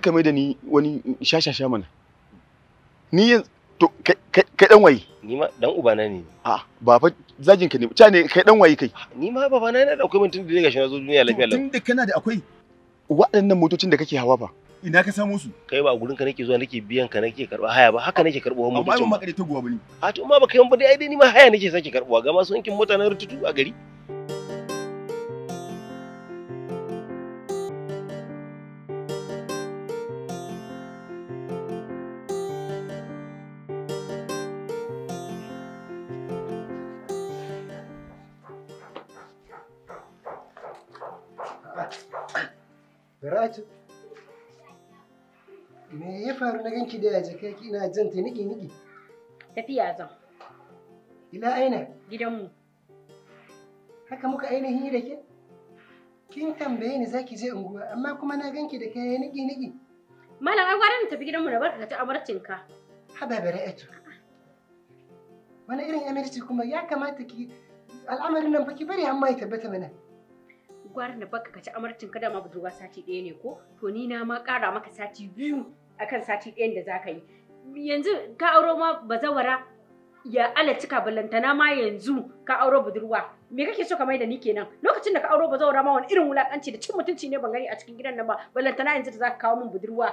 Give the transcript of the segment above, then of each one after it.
ka mai da ni wani shashasha mana ni yin to kai dan waye ni ma dan na ne a ba fa zagin ka ne ca ne kai dan waye kai ni ma baba na da akwai mun tun da shi na zo duniya lafiya lafiya tunda kana da akwai waɗannan motocin da kake hawa ba ina ka samu su kai ba gurin ka nake zuwa nake biyan ka nake karba haya ba haka nake karbo wani motocin amma ba ta guwa bane a to ma ba kai ba dai ai dai ni ma haya nake sake karbuwa ga masu yankin mota na rututu a gari Ratu. Me ya faru na ganki da yaje kai kina jin ta niki niki? Tafiya zan. Ila aina? Gidanmu. Haka muka ainihin yi da ke? Kin tambaye ni zaki je unguwa amma kuma na ganki da kai niki niki. Malam ai gwaran tafi gidanmu na barka ta amarcinka. Haba bara'atu. Wani irin amarci kuma ya kamata ki al'amarin nan fa ki bari amma ya tabbata mana. gwara na baka kaci amarcin kada ma budurwa sati ɗaya ne ko to ni na ma ƙara maka sati biyu akan sati ɗaya da zaka yi yanzu ka auro ma bazawara ya ala cika ballantana ma yanzu ka auro budurwa me kake so ka mai da ni kenan lokacin da ka auro bazawara ma wani irin wulakanci da cin mutunci ne ban gani a cikin gidan nan ba ballantana yanzu da zaka kawo min budurwa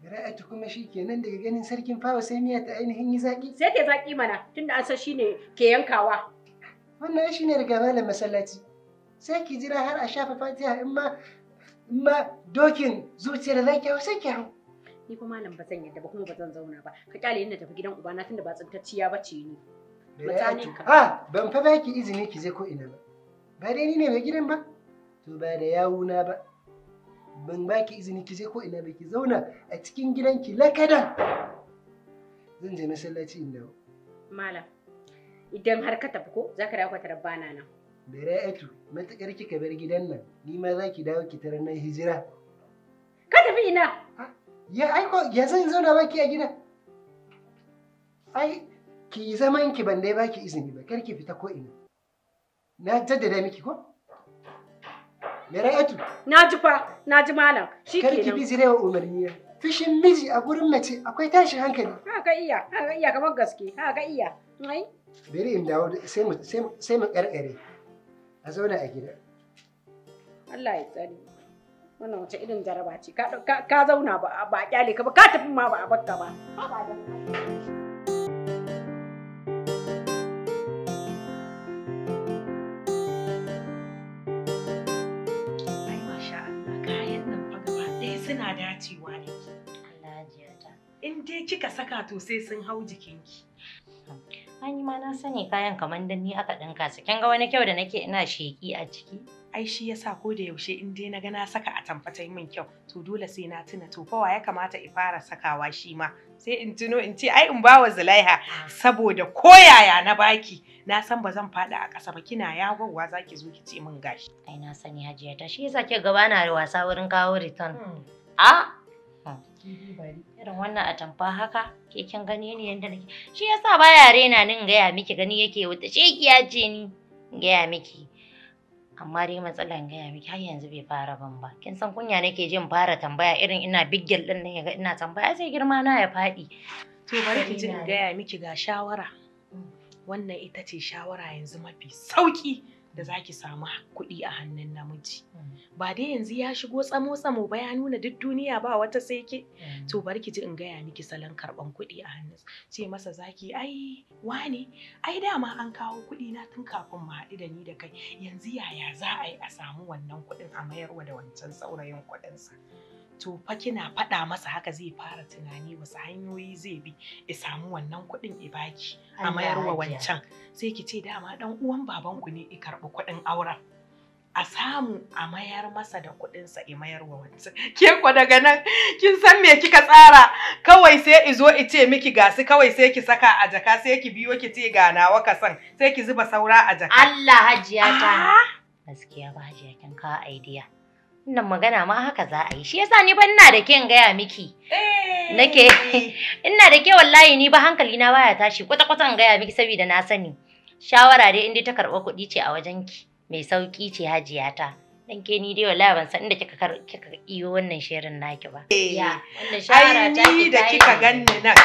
Ra'atu kuma shi kenan daga ganin sarkin fawa sai miya ta ainihin yi zaki. Sai ta zaki mana tunda an san shine ke yankawa. Wannan shi ne riga malam masallaci. sai ki jira har a shafa fatiha in ma in ma dokin zuciyar zaki hau sai ki hau ni kuma malam ba zan yadda ba kuma ba zan zauna ba ka kyale inda tafi gidan uba na tunda ba tsintacciya ba ce ni ka. a ah, ban fa ba ki izini ki je ko ina ba ba dai ni ne mai gidan ba to ba da yawuna ba ban ba ki izini ki je ko ina ba ki zauna a cikin gidanki lakada zan je masallaci inda. dawo malam idan har ka tafi ko za ka dawo ka na nan Bara'atu, matuƙar kika bar gidan nan, ni ma za ki dawo ki tarar na hijira. Ka tafi ina? Ya aiko, ya zan zauna baki a gida. Ai, ki zaman ki ban dai baki izini ba, kar ki fita ko ina. Na jaddada miki ko? Bara'atu. Na ji fa, na ji malam. Shi kenan. Kar ki bi zirewa umarni na. Fishin miji a gurin mace akwai tashin hankali. ka iya, ka iya kamar gaske, ka iya. Bari in dawo sai mu ƙarƙare. a zauna a gida Allah ya tsare wannan wace irin jaraba ce ka zauna ba a kyale ka ba ka tafi ma ba a bakka ba suna dacewa da ke. In dai kika saka to sai sun hau jikinki. Ai ma na sani kayan kamar da ni aka ɗinka su. Kin ga wani kyau da nake ina sheƙi a ciki? Ai shi yasa ko da yaushe in dai na ga na saka a tamfata min kyau to dole sai na tuna to fa ya kamata in fara sakawa shi ma sai in tuno in ce ai in ba wa Zulaiha saboda koyaya na baki na san ba zan faɗa a ƙasa ba kina yagowa za ki zo ki ce min gashi. Ai na sani Hajiya ta shi yasa ke gaba na wasa wurin kawo return. Hmm. A ah! bari irin wannan a tamfa haka ke kin gani ne yanda nake shi yasa baya rena ni in gaya miki gani yake wata shekiya ce ni in gaya miki amma dai matsala in gaya miki har yanzu bai fara ban ba kin san kunya nake jin fara tambaya irin ina biggel din nan yaga ina tambaya sai girma na ya faɗi to bari ki jin gaya miki ga shawara mm. wannan ita ce shawara yanzu mafi sauki da zaki samu kuɗi a hannun namiji mm. ba dai yanzu ya shigo tsamo tsamo ba ya nuna duk duniya ba wata sai ke mm. to barki ji in gaya miki salon karɓan kuɗi a hannun ce masa zaki ai wani ai dama an kawo kuɗi na tun kafin mu haɗu da ni da kai yanzu yaya za a yi a samu wannan kuɗin a mayarwa da wancan saurayin kuɗinsa. to fa kina faɗa masa haka zai fara tunani wasu hanyoyi zai bi ya samu wannan kuɗin ya baki a mayarwa wancan sai ki ce dama dan uwan babanku ne ya karɓi kuɗin auren a samu a mayar masa da sa i mayar wa wancan ke ko daga nan kin san me kika tsara kawai sai izo ice miki gasu kawai sai ki saka a jaka sai ki biyo ki ce ga nawa ka san sai ki zuba saura a jaka Allah hajiya ta ah! gaskiya ba hajiya kin ka idea wannan magana ma haka za a yi shi yasa ni ba ina da ke gaya miki eh. nake ina da ke wallahi ni ba hankali na baya tashi kwata kwata in gaya miki saboda na sani shawara dai in dai ta karɓa kuɗi ce a wajen ki mai sauki ce hajiya ta dan ke ni dai wallahi ban san inda kika kika iyo wannan shirin naki ba eh. ya wannan shawara ta ki da kika ganni nan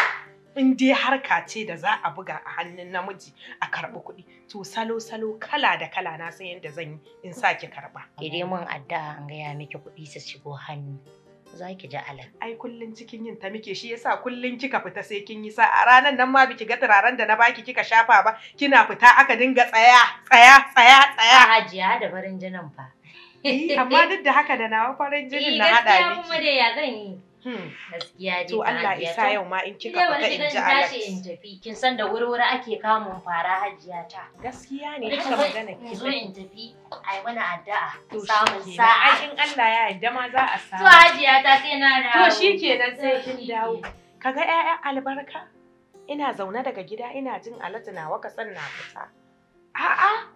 in dai harka ce da za a buga a hannun namiji a karɓi kuɗi to salo-salo kala da kala na san yadda zan yi in sake karɓa. Ire mun addu'a an gaya miki kuɗi su shigo hannu. Za ki ji alal. Ai kullum cikin yin ta muke shi yasa kullum kika fita sai kin yi sa a ranar nan ma biki ga turaren da na baki kika shafa ba kina fita aka dinga tsaya tsaya tsaya tsaya. Hajiya da barin jinin fa. Eh, amma duk da haka da nawa farin jinin eh, na hada miki. Gaskiya kuma da ya zan yi. Hmm. gaskiya dai to Allah isa yau ma in kika fita in ji Allah in tafi kin san da wuri-wuri ake kamun fara hajiya ta gaskiya ne haka magana ki zo in tafi ai mana addu'a samun sa'a ai in Allah ya yarda ma za a samu to hajiya ta sai na dawo to shikenan sai kin dawo kaga ƴaƴan albarka ina zaune daga gida ina jin alatu na waka san na fita a'a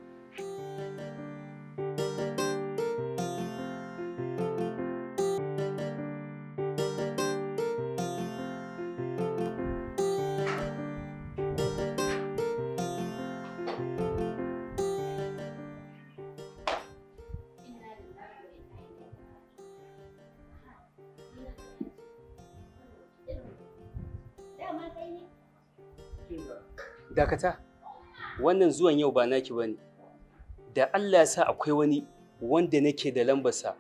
dakata wannan zuwan yau ba naki bane da Allah ya sa akwai wani wanda nake da lambarsa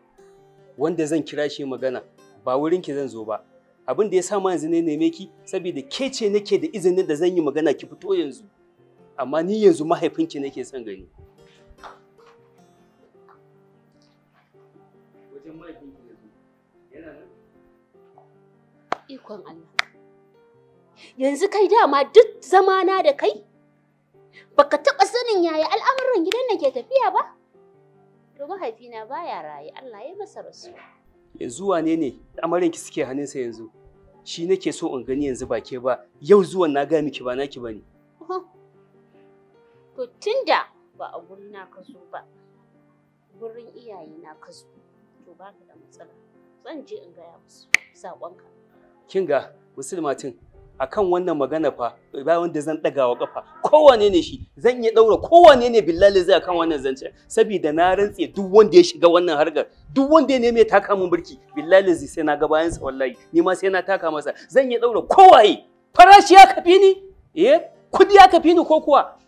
wanda zan kira shi magana ba wurin ki zan zo ba abin da ya sa ma yanzu ne neme ki saboda ke ce nake da izinin da zan yi magana ki fito yanzu amma ni yanzu mahaifinki nake son gani ikon Allah yanzu kai dama duk zamana da kai baka taɓa sanin yaya al'amuran gidan nan ke tafiya ba to mahaifina baya raye Allah ya masa rasu. yanzu wane ne amaryar ki suke hannunsa yanzu shi nake so in gani yanzu ba ke ba yau zuwan na ga miki ba naki bane to tunda ba a gurin na ka zo ba gurin iyaye na ka zo to baka da matsala zan je in gaya musu saƙonka Kinga, musulmatin akan wannan magana fa ba wanda zan wa kafa kowane ne shi zan iya daura kowane ne billahi zai akan wannan zance saboda na rantse duk wanda ya shiga wannan harkar duk wanda ya neme taka mun birki? billahi zai sai na ga bayan sa wallahi ni ma sai na taka masa zan iya daura kowaye farashi ya kafi ni eh kudi ya kafi ni ko kuwa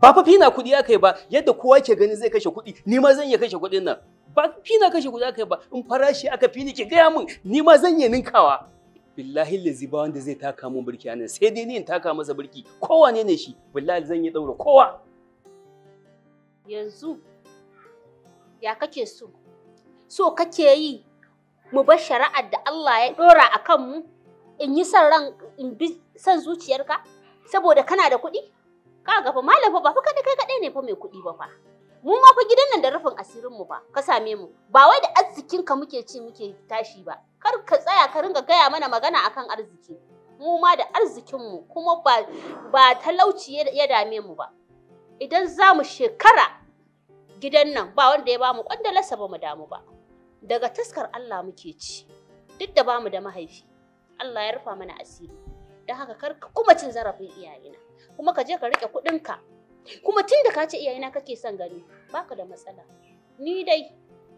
ba fa fina kudi ya kai ba yadda kowa ke gani zai kashe kudi ni ma zan iya kashe kudin nan ba fina kashe kudi ya kai ba in farashi aka fi ni ki gaya min ni ma zan iya ninkawa billahi lazi ba wanda zai taka mun birki anan sai dai ni in taka masa birki Kowa ne shi billahi zan yi daura kowa yanzu ya kake so so kake yi mu bar shari'ar da Allah ya dora a kanmu in yi son ran in bi son zuciyarka saboda kana da kuɗi ka ga fa malam fa ba fa kai kaɗai ne fa mai kuɗi ba fa mu ma fa gidan nan da rufin asirin mu ba ka same mu ba wai da arzikin ka muke ci muke tashi ba kar ka tsaya ka ringa gaya mana magana akan arziki mu ma da arzikin mu kuma ba ba talauci ya dame mu ba idan zamu shekara gidan nan ba wanda ya ba mu kwandalarsa ba mu damu ba daga taskar Allah muke ci duk da ba mu da mahaifi Allah ya rufa mana asiri don haka kar kuma cin zarafin iyayena kuma ka je ka riƙe kuɗinka Kuma tun da ka ce iyayena kake son gani, baka da matsala. Ni dai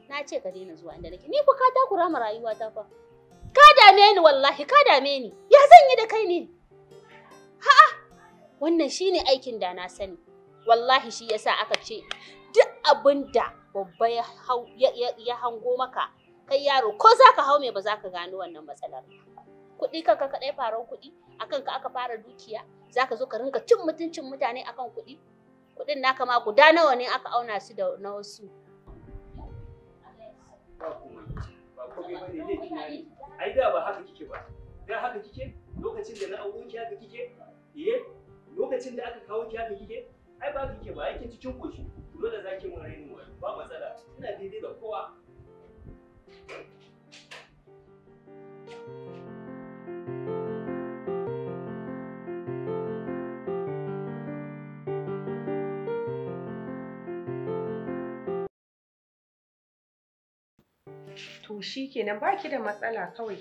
na ce ka daina zuwa inda nake. Ni fa ka takura ma rayuwata fa. Ka dame ni wallahi, ka dame ni. Ya zan yi da kai ne? Ha'a, wannan shine aikin da na sani. Wallahi shi yasa aka ce duk abinda babba ya hango maka kai yaro ko za ka hau me ba za ka gano wannan matsalar kuɗi kanka kaɗai fara kuɗi akan ka aka fara dukiya za ka zo ka rinka cin mutuncin mutane akan kuɗi kuɗin naka ma guda nawa ne aka auna su da na wasu ai da ba haka kike ba da haka kike lokacin da na auro ki haka kike eh lokacin da aka kawo ki haka kike ai ba kike ba yake cikin koshi dole zaki mun rainin wayo ba matsala ina daidai da kowa To shi kenan ba ki da matsala kawai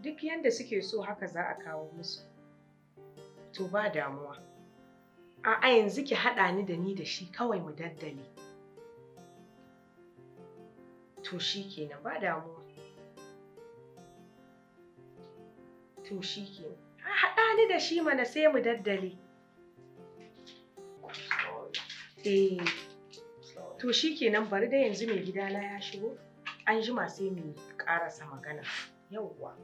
duk yadda suke so haka za a kawo musu. To ba damuwa. A'a yanzu ki haɗa ni da ni da shi kawai mu daddale. To shi kenan ba damuwa. To shi kenan. A haɗa ni da shi mana sai mu daddale. Eh. To shi kenan bari da yanzu mai gidana ya shigo. an jima sai mu karasa magana yauwa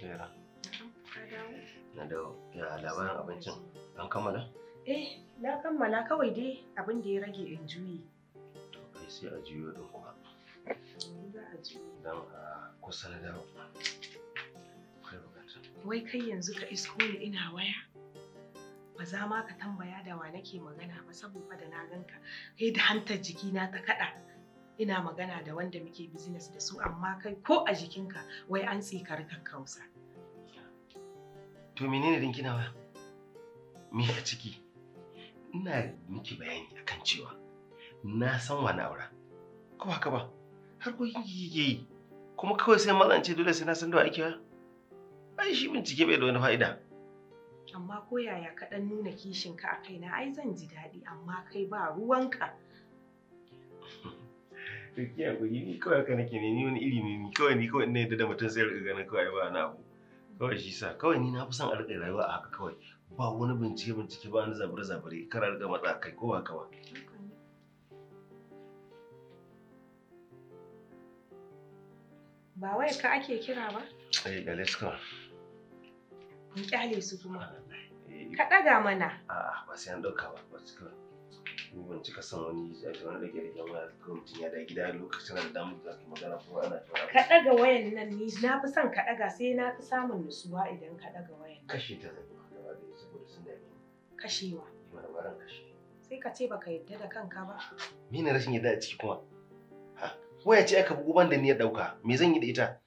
Yara. Na dawo. labarin abincin. An kammala? Eh, na kammala kawai dai abin da ya rage in juyi. To kai sai a juyo din kuma. Za a kusa na dawo. Wai kai yanzu ka isko ni ina waya? ba za ma ka tambaya da wa nake magana ba saboda da na ganka kai da hantar jikina ta kaɗa ina magana da wanda muke business da su amma kai ko a jikinka wai an tsikar kausa To menene din kina ba? Me a ciki? Ina miki bayani akan cewa na san wa na aura. Ko haka ba? Har ko yin yi kuma kawai sai matsance dole sai na san da wa ake Ai shi bincike bai da wani fa'ida. amma ko yaya ka ɗan nuna kishinka a kaina ai zan ji daɗi amma kai ba ruwanka gaskiya ku ni kawai ka nake ne ni wani iri ne ni kawai ni kawai ina yadda da mutum sai rika ganin kawai ba na abu kawai shi sa kawai ni na fi son a rika rayuwa a haka kawai ba wani bincike bincike ba wani zabure zabure kar a rika matsa kai ko ba ka ba ba wai ka ake kira ba eh ga let's go Mu kyale su kuma. Eh. Ka ɗaga mana. A'a ba sai an ɗauka ba. Ba su ban cika son wani zafi wani rage rage mutum ya gida lokacin da damu magana ko ana tura ka ɗaga wayan nan ni na fi son ka ɗaga sai na fi samun nutsuwa idan ka wayan kashe ta zai gaba da saboda sun kashewa baran kashe sai ka ce baka yadda da kanka ba me ya rashin a ciki kuma waya ce aka bugu ban da ni ya ɗauka. me zan yi da ita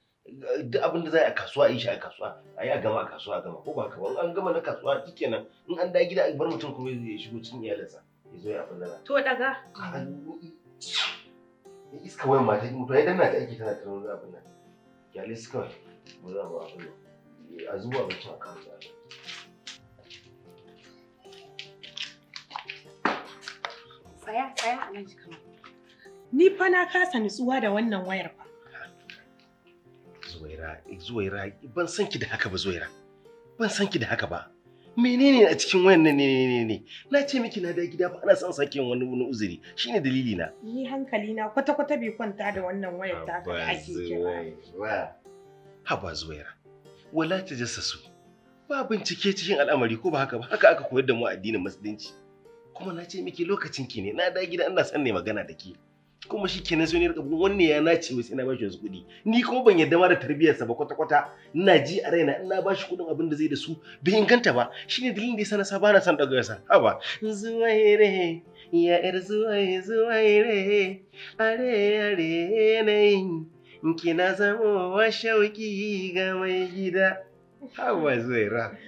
duk abin da za a kasuwa yi shi a kasuwa a yi a gama a kasuwa a gama ko ba kaba an gama na kasuwa shikenan in an da gida a bar mutum kuma ya shigo cikin iyalinsa ya zo ya abin da to daga iska wayan mata mutum ya danna ta aiki tana tunanin wani abin nan kyale su kawai mu za mu abin nan a zuwa mutum a kawo tsari tsaya tsaya a nan shi kama ni fa na kasa nutsuwa da wannan wayar fa Zuwaira ban san ki da haka ba Zuwaira. Ban san ki da haka ba. Menene a cikin wannan ne ne ne na ce miki na da gida ba ana son sake wani wani uzuri shine dalili na. Ni hankali na kwata kwata bai kwanta da wannan wayar ta da ake kira. Haba Zuwaira. Wala ta jassasu. Ba bincike cikin al'amari ko ba haka ba haka aka koyar da mu addinin musulunci. Kuma na ce miki lokacin ki ne na da gida ina son ne magana da ke. kuma shi kenan sai ne rika bin wannan ya nace wai sai na bashi wasu kuɗi ni kuma ban yarda ma da tarbiyyarsa ba kwata kwata ina ji a raina ina bashi kuɗin abin da zai da su bai inganta ba shine dalilin da yasa na saba na san daga yasa haba zuwaire ya yar zuwaire zuwaire are are nayi kina zamo wa shauki ga mai gida haba zuwaira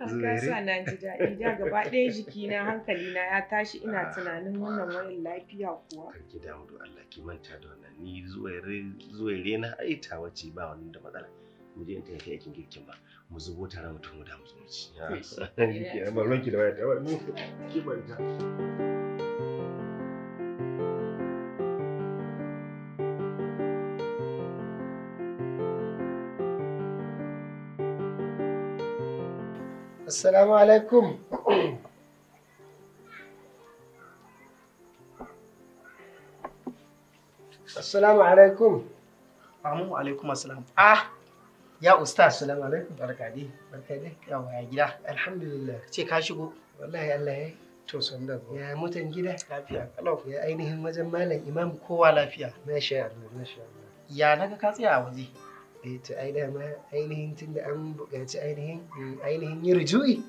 Haka sa na ji daɗi da gaba ɗaya jiki na hankali na ya tashi ina ah. tunanin wannan wani lafiya kuwa. Kar ki damu da Allah ki manta da wannan ni zuwa na aita wace ba wani da matsala. Mu je in ta yi aikin girkin ba mu zubo tare mutum mu da mu zuci. Ba ruwanki da waya ta wani ki manta. Assalamu alaikum. Assalamu alaikum. Amu alaikum assalam. Ah, ya ustaz. Assalamu alaikum. Barka dai. Barka dai. ya gida. Alhamdulillah. Ce ka shigo. Wallahi Allah ya To san da Ya mutan gida. Lafiya. Kalau ya ainihin wajen malam imam kowa lafiya. Masha Allah. Masha Allah. Ya naga ka tsaya a waje. eh to ai dama ainihin tunda an buƙaci ainihin mm, ainihin yi rujui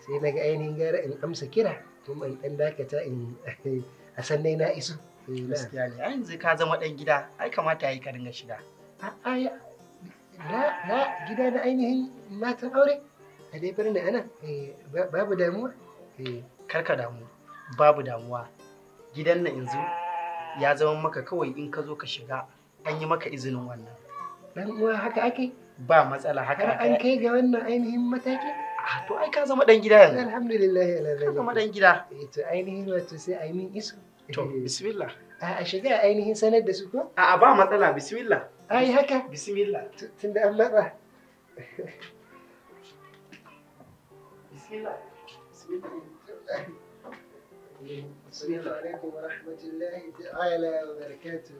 sai na ga ainihin gara in amsa kira kuma in ɗan dakata in a sannan na iso eh, gaskiya ne ai yanzu ka zama ɗan gida ai kamata yi ka dinga shiga a'a na na, gida na ainihin matan aure a dai birni ana eh, babu damuwa eh. karka damu babu damuwa gidan na yanzu ya zama maka kawai in ka zo ka shiga an yi maka izinin wannan dan uwa haka ake ba matsala haka har an kai ga wannan ainihin mataki ah, to ai ka zama dan gida yanzu alhamdulillah ka zama dan gida eh, to ainihin wato sai ai min isu to eh. bismillah a a shiga ainihin sanar da su ko a ah, ah, ba matsala bismillah ai haka bismillah tunda an matsa bismillah bismillah السلام عليكم ورحمة الله تعالى وبركاته.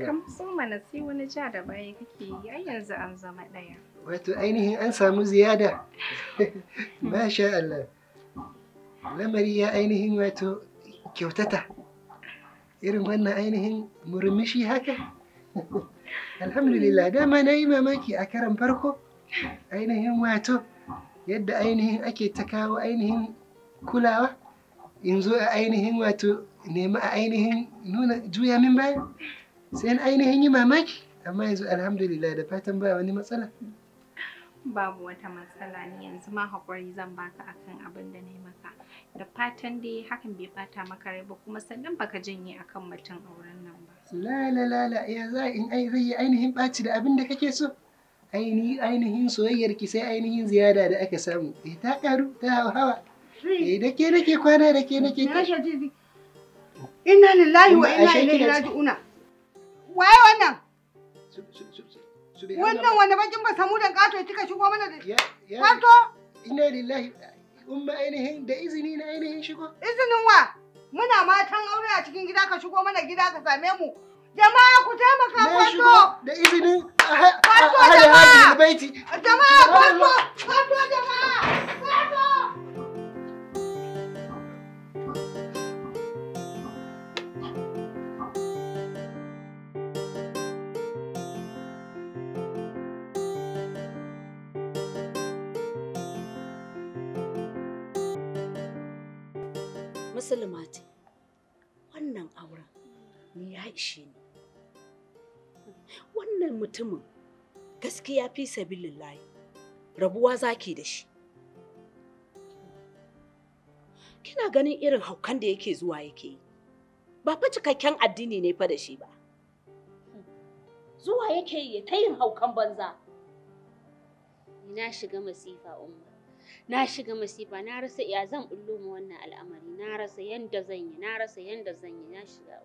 Kam so mana sai wani ja da baya kake yi yanzu an zama ɗaya. Wato ainihin an samu ziyada. Masha Allah. Lamari ya ainihin wato kyautata. Irin wannan ainihin murmushi haka. Alhamdulillah dama na yi mamaki a karan farko. Ainihin wato yadda ainihin ake ta kawo ainihin kulawa. In zo a ainihin wato Nema a ainihin nuna juya min baya sai na ainihin yi mamaki amma yanzu alhamdulillah da fatan ba wani matsala babu wata matsala ne yanzu ma haƙuri zan baka akan abin da ne maka da fatan dai hakan bai fata maka rai ba kuma sannan baka janye akan mutum auren nan ba la la la la ya za in ai zai yi ainihin ɓaci da abin da kake so ainihin ainihin soyayyar ki sai ainihin ziyada da aka samu eh ta karu ta hawa eh da ke nake kwana da ke nake na ziki Inna lillahi wa inna ilaihi raji'una. Waye wannan? Wannan wanda bakin ba samu dan kato kika shigo mana da Kato? Inna lillahi umma ainihin da izini na ainihin shigo. Izinin wa? Muna matan aure a cikin gida ka shigo mana gida ka same mu. Jama'a ku taimaka kwato. rabuwa zaki da shi kina ganin irin haukan da yake zuwa yake yi ba fa cikakken addini ne fa da shi ba zuwa yake yi ta yin haukan banza na shiga masifa umma na shiga masifa na rasa iya zan bullo ma wannan al'amari na rasa yanda zan yi na rasa yanda zan yi na shiga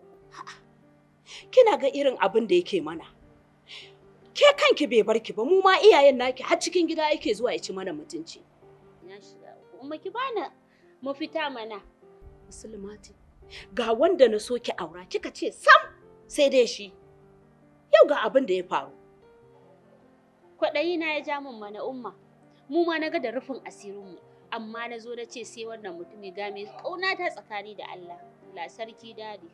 kina ga irin abin da yake mana ke kanki bai bar ki ba mu ma iyayen naki har cikin gida yake zuwa ya ci mana mutunci na shiga kuma ki mafita mana musulmati ga wanda na so ki aura kika ce sam sai dai shi yau ga abin da ya faru kwaɗayi na ya ja min mana umma mu ma na ga da rufin asirin mu amma na zo na ce sai wannan mutumin ga mai kauna ta tsakani da Allah la sarki dadi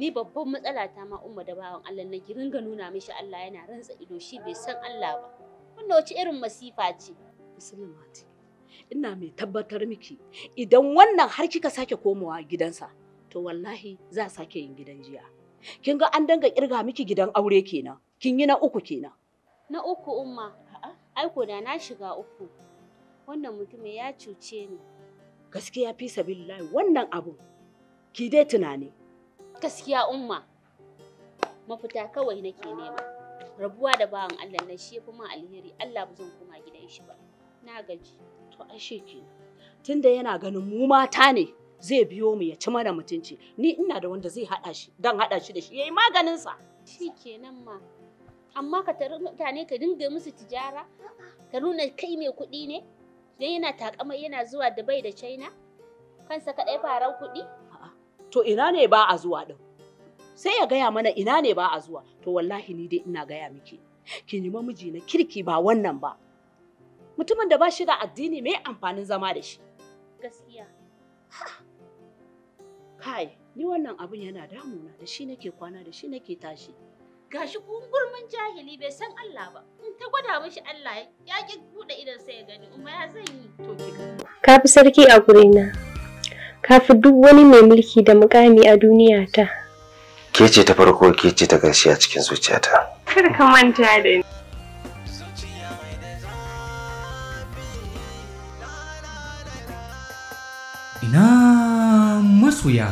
ni babban matsala ta ma umma da bawan Allah na ki ga nuna mishi Allah yana rantsa ido shi bai san Allah ba wannan wace irin masifa ce musulmati ina mai tabbatar miki idan wannan har kika sake komawa gidansa to wallahi za sake yin gidan jiya kin ga an danga kirga miki gidan aure kenan kin yi na uku kenan na uku umma aiko da na shiga uku wannan mutumin ya cuce ni gaskiya fi sabilillahi wannan abu ki dai tunani Gaskiya umma mafita kawai nake nema. Rabuwa da bawan Allah na shi fi min alheri. Allah ba zan koma gidan shi ba. Na gaji. To ai shi Tunda yana ganin mu mata ne zai biyo mu ya ci mana mutunci. Ni ina da wanda zai haɗa shi dan haɗa shi da shi yayi maganin sa. Shikenan ma. Amma ka tare mutane ka dinga musu tijara ka nuna kai mai kuɗi ne dan yana takama yana zuwa Dubai da China kansa kaɗai farar kuɗi. to ina ne ba a zuwa ɗin sai ya gaya mana ina ne ba a zuwa to wallahi ni dai ina gaya miki ki nima miji na kirki ba wannan ba mutumin da ba shi da addini mai amfanin zama da shi gaskiya kai ni wannan abun yana damuna da shi nake kwana da shi nake tashi gashi gungurmin jahili bai san Allah ba in ta gwada mishi Allah ya ki bude idan sai ya gani umma ya zan yi to ki ka fi sarki a na. ka duk wani mai mulki da mukami a duniya ta. Ke ce ta farko ke ce ta gashi a cikin zuciyata. Kar ka manta da ni. Ina masoya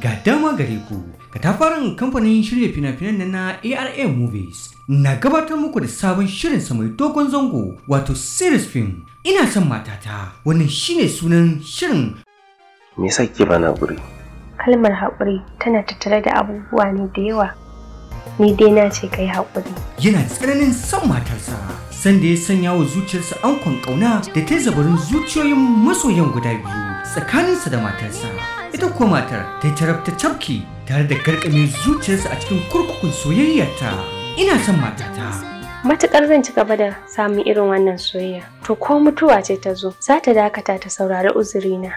ga dama gare ku ga tafarin kamfanin shirya fina-finan na ARA Movies na gabatar muku da sabon shirin sa mai dogon zango wato series film ina son matata wannan shine sunan shirin me yasa kike bana haƙuri kalmar haƙuri tana tattare da abubuwa ne da yawa ni dai na ce kai haƙuri yana tsananin son matarsa sanda ya sanya wa zuciyarsa ankon ƙauna da ta zabarin zuciyoyin masoyan guda biyu tsakaninsa da matarsa ita kuwa matar ta tarabta cafki tare da gargame zuciyarsa a cikin kurkukun soyayyarta ina son matata matuƙar zan ci gaba da samun irin wannan soyayya to ko mutuwa ce ta zo za ta dakata ta saurari uzurina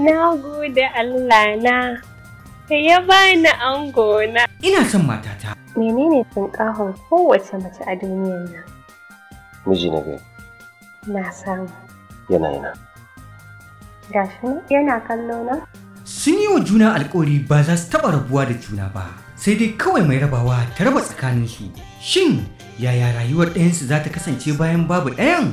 Na gode Allah na, ka ya bani ango na. Ina son matata. Menene tunƙahon kowace mace a duniyar nan? Miji na gai. Na samu. Yana yana. Gashi shi yana kallo na? Sun yi wa juna alkawari ba za su taɓa rabuwa da juna ba, sai dai kawai mai rabawa ta raba tsakaninsu. Shin yaya rayuwar ɗayansu za ta kasance bayan babu ɗayan?